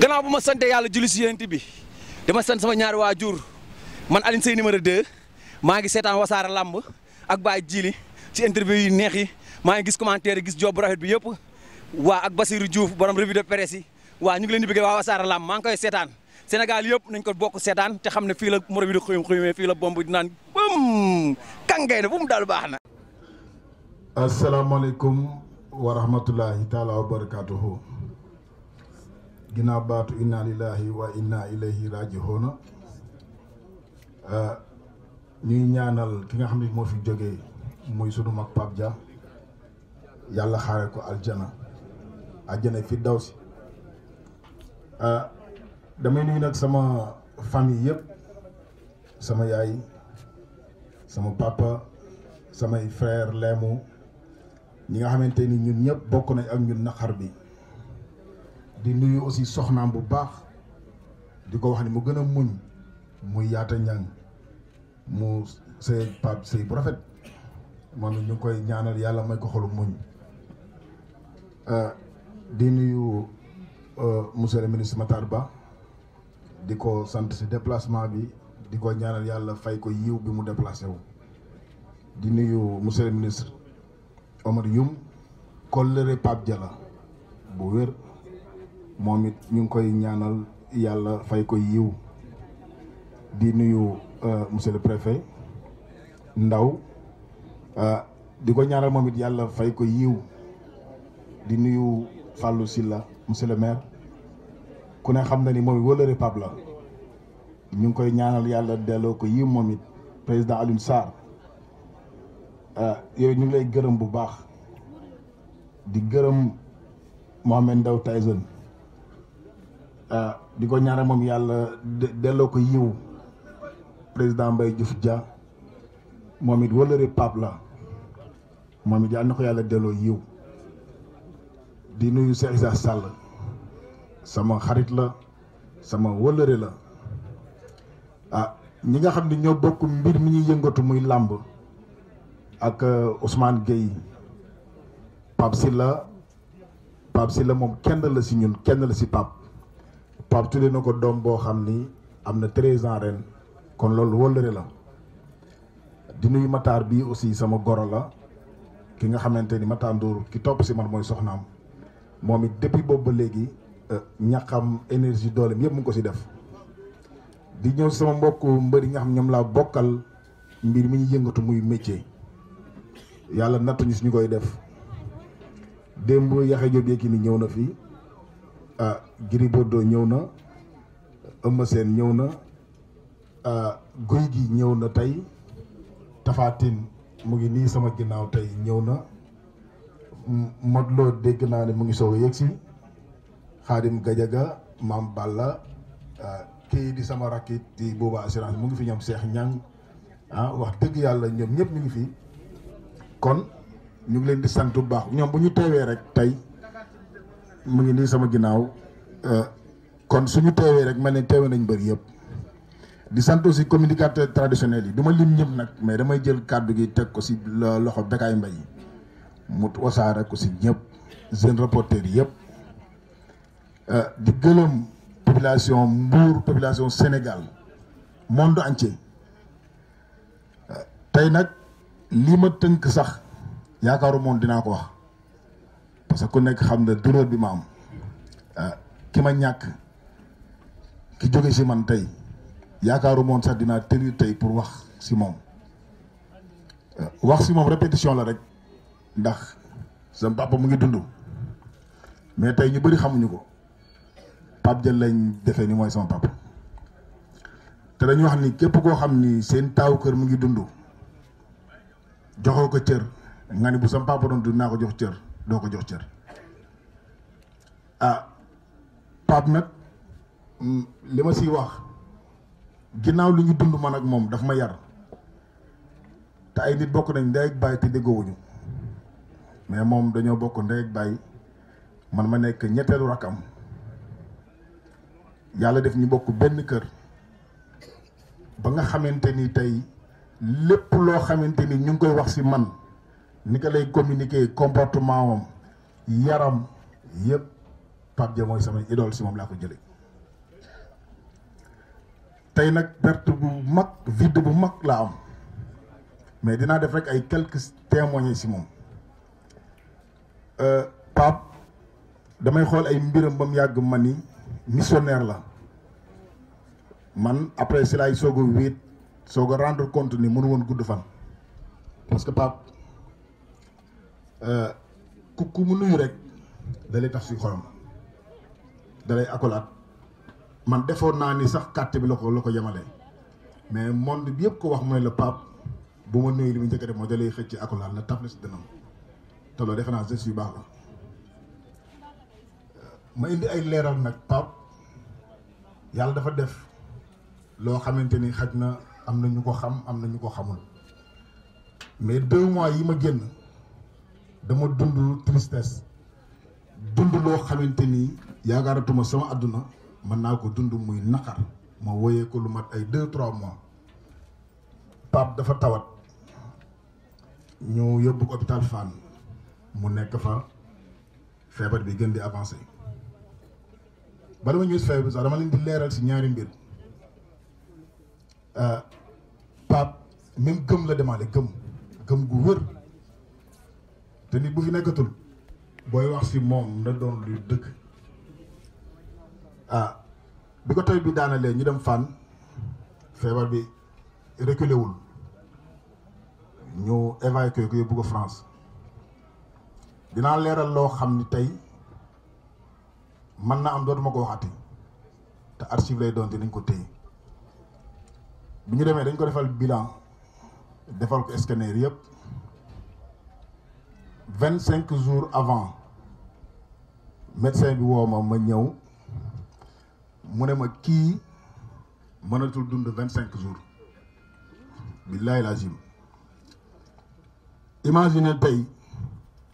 gannaaw bu ma santee yàlla julli si yéent bi dama sant sama ñaari waajur man Alioune Seye numéro 2 maa ngi seetaan wasaare làmb ak Baye Djili ci interview yu neex yi maa ngi gis commentaire gis joob bu rafet bi yëpp waa ak Basirou Diouf borom revue de presse yi waa ñu ngi leen bi bëgg waa wasaare làmb maa ngi koy seetaan Sénégal yëpp nañ ko bokk seetaan te xam ne fii la moro bi di xuyum xuyumee fii la bomb di naan bum kàngay na bu mu daal baax na. asalaamaaleykum wa rahmatulahi taala ginnaaw baatu inna lillahi wa inna ilayhi rajihoona ah, ñuy ñaanal ki nga xam ne moo fi jógee muy sunu mag Pape ja yàlla xaare ko aljana aljana fi daw si ah, damay nuyu nag sama famille yëpp sama yaay sama papa samay frère leemu ñi nga xamante ni ñun ñëpp bokk nañ ak ñun naqar bi di nuyu aussi soxnaam bu baax di ko wax ni mu gën a muñ muy yaata ñang mu sëy pap sëy bu rafet moom ñu koy ñaanal yàlla mooy ko xolu muñ euh, di nuyu euh, monsieur le ministre Matar Ba di ko sant si déplacement bi di ko ñaanal yàlla fay ko yiw bi mu déplacé wu di nuyu monsieur le ministre Omar Youm collere Pape Diala bu wér moom it ñu ngi koy ñaanal yàlla fay ko yiw di nuyu euh, monsieur le préfet Ndaw euh, di ko ñaanal moom it yàlla fay ko yiw di nuyu Fallou Silla monsieur le maire ku ne xam na ni moom it wëlëre Pape la ñu ngi koy ñaanal yàlla delloo ko yiw moom it président Alioune Sarr euh, yooyu ñu ngi lay gërëm bu baax di gërëm Mohamed Ndaw Tyson Ah, di ko ñaanal moom yàlla delloo ko yiw président mbay Diouf Dia moom it wëlëri Pape la moom it yàlla na ko yàlla delloo yiw di nuyu Cheikh Issa Sall sama xarit la sama wëlëri la ah ñi nga xam ne ñoo bokk mbir mi ñuy yëngatu muy làmb ak eh, Ousmane Gueye Pape Sylla Pape Sylla moom kenn la si ñun kenn la si Pape Pape tuddee na ko doom boo xam ni am na treize ans ren kon loolu wëllëre la di nuyu Matar bii aussi sama goro la ki nga xamante ni Matar Ndour ki topp si man mooy soxnaam moom it depuis boobu ba léegi euh, ñaxam énergie dooleem yëpp mu ngi ko si def. di ñëw sama mbokku mbër yi nga xam ñoom laa bokkal mbir mi ñu yëngatu muy métier yàlla nattuñu ñu koy def démb Yaxya Jóob Yékini ñëw na fii ah ñëw na Eumeu Sène ñëw na ah Gouye Gui ñëw na tey tafaatin mu ngi nii sama ginnaaw tey ñëw na Modou Lo dégg naa ne mu ngi soog a yegsi xaadim gajaga Mame Balla ah, kii di sama rakit di booba assurance mu ngi fi ñoom seex Niang ah wax dëgg yàlla ñoom ñëpp ñu ngi fi kon ñu ngi leen di sant bu baax ñoom bu ñu teewee rek tey mu ngi nii sama ginnaaw euh, kon suñu teewee rek ma ne teewe nañ bëri yëpp di sant aussi communicateur traditionnel yi du ma lim ñëpp nag mais damay jël kàddu gi teg ko si loxo Bécaye Mbaye mu wasaare ko si ñëpp jeune reporter yëpp euh, di gëlëm population Mbour population Sénégal monde entier euh, tey nag lii ma tënk sax yaakaaru moom dinaa ko wax parce que ku nekk xam ne douleur bi ma am ah, ki ma ñàkk ki jóge si man tey yaakaaru moon sax dinaa tenir tey pour wax si moom wax si moom répétition la rek ndax sam papa mu ngi dund mais tey ñu bëri xamuñu ko Pape Diène lañ defe ni mooy sama papa te dañu wax ni képp koo xam ni seen taaw kër mu ngi dundu joxoo ko cër nga ni bu sama papa doon dund naa ko jox cër doo ko jox cër ah Pape nag mm, li ma siy wax ginnaaw li ñu dund man ak moom daf ma yar te ay nit bokk nañ ndey ak baay te déggoowuñu mais moom dañoo bokk ndey ak baay man ma nekk ñetteelu rakam yàlla def ñu bokk benn kër ba nga xamante ni tey lépp loo xamante ni ñu ngi koy wax si man ni ko lay communiquer comportement am yaram yëpp Pape Dia mooy sama idole si moom laa ko jële tey nag perte bu mag vide bu mag laa am mais dinaa def rek ay quelques témoignages si moom euh, Pape damay xool ay mbiram ba mu yàgg ma ni missionnaire la man après si laay soog a wéet soog a rendre compte ni mënu woon gudd fan parce que Pape. Euh, ku ku mu nuyu rek dalay tax si xolam dalay akolaat man defoon naa ni sax carte bi la ko la ko yemale mais monde bi yëpp ko wax mooy le pape bu ma nuyu li mu njëkk a def mooy dalay xëcc akolaat la taf la si dënam te loolu defe naa geste yu baax la euh, ma indi ay leeral nag pape yàlla dafa def loo xamante ni xaj na am na ñu ko xam am na ñu ko xamul mais deux yi ma génn dama dund tristesse dund loo xamante ni yaakaaratuma sama àdduna mën naa ko dund muy naqar ma woyee ko lu mat ay deux trois mois Pape dafa tawat ñu yóbbu ko hôpital Fann mu nekk fa feebar bi gën di avancé balama ma ñëw feebar bi sax dama leen di leeral si ñaari mbir euh, Pape même gëm la demandé gëm gëm gu wër. te nit bu fi nekkatul booy wax si moom na doon lu dëkk ah bi ko tey bi daanalee ñu dem fànn feebar bi reculé wul ñu évacué ko yóbbu ko France dinaa leeral loo xam ni tey mën na am dootuma ko waxati te archive lay doon te nañ ko téye bu ñu demee dañ ko defal bilan defal ko scanner yëpp. vingt cinq jours avant médecin bi woo ma ma ñëw mu ne ma kii mënatul dund vingt cinq jours billahi lazim imagine tey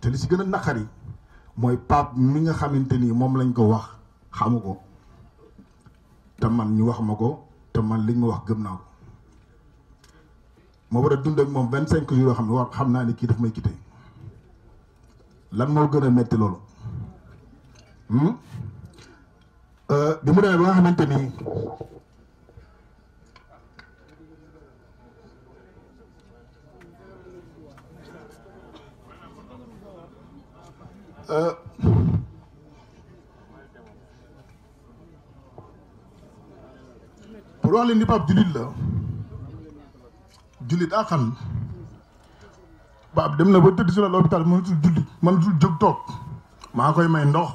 te li si gën a naqari mooy pape mi nga xamante nii moom lañ ko wax xamu ko te man ñu wax ma ko te man liñ ma wax gëm naa ko ma war a dund ak moom vingt cinq jours xam ne war xam naa ne kii daf may quitté lan moo gën a métti loolu hmm? euh, bi mu demee nga xamante ni euh, pour wax leen ni Pape jullit la jullit ak xam ba dem na ba tëdd si la l'hôpital mënatul julli mënatul jóg toog maa koy may ndox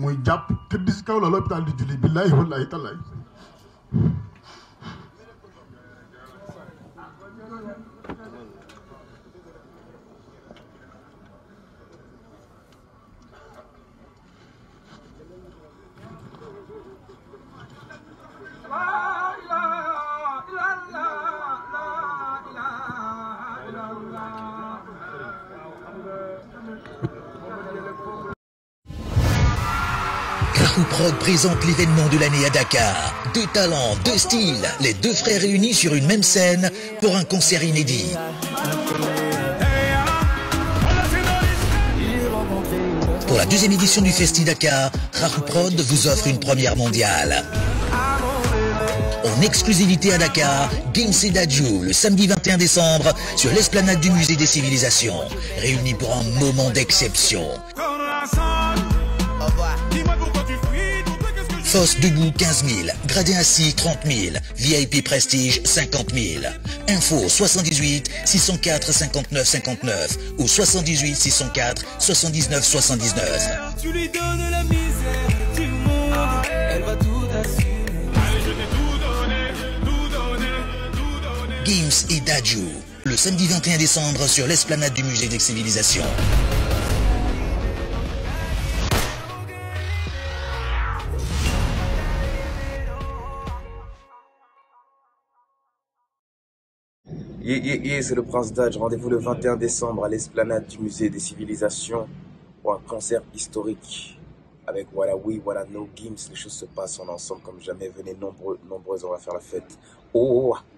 muy jàpp tëdd si kaw la l'hôpital di julli billaahi wallaahi tallaahi Prod présente l'événement de l'année à Dakar. Deux talents, deux styles, les deux frères réunis sur une même scène pour un concert inédit. Pour la deuxième édition du Festi Dakar, Rahou vous offre une première mondiale. en exclusivité à Dakar, Gims et Dadju le samedi 21 décembre sur l'esplanade du musée des civilisations, réunis pour un moment d'exception. Fosse debout 15 000, gradé assis 30 000, VIP prestige 50 000. Info 78 604 59 59 ou 78 604 79 79. Tu lui donnes la Gims et Dadju, le samedi décembre sur l'esplanade du Musée des Civilisations. Yeah, c'est le prince Dadge. Rendez-vous le décembre à l'esplanade du musée des civilisations pour un concert historique avec Voilà Oui, Voilà No Games. Les choses se passent en ensemble comme jamais. Venez nombreux, nombreuses, faire la fête. Oh, oh, oh.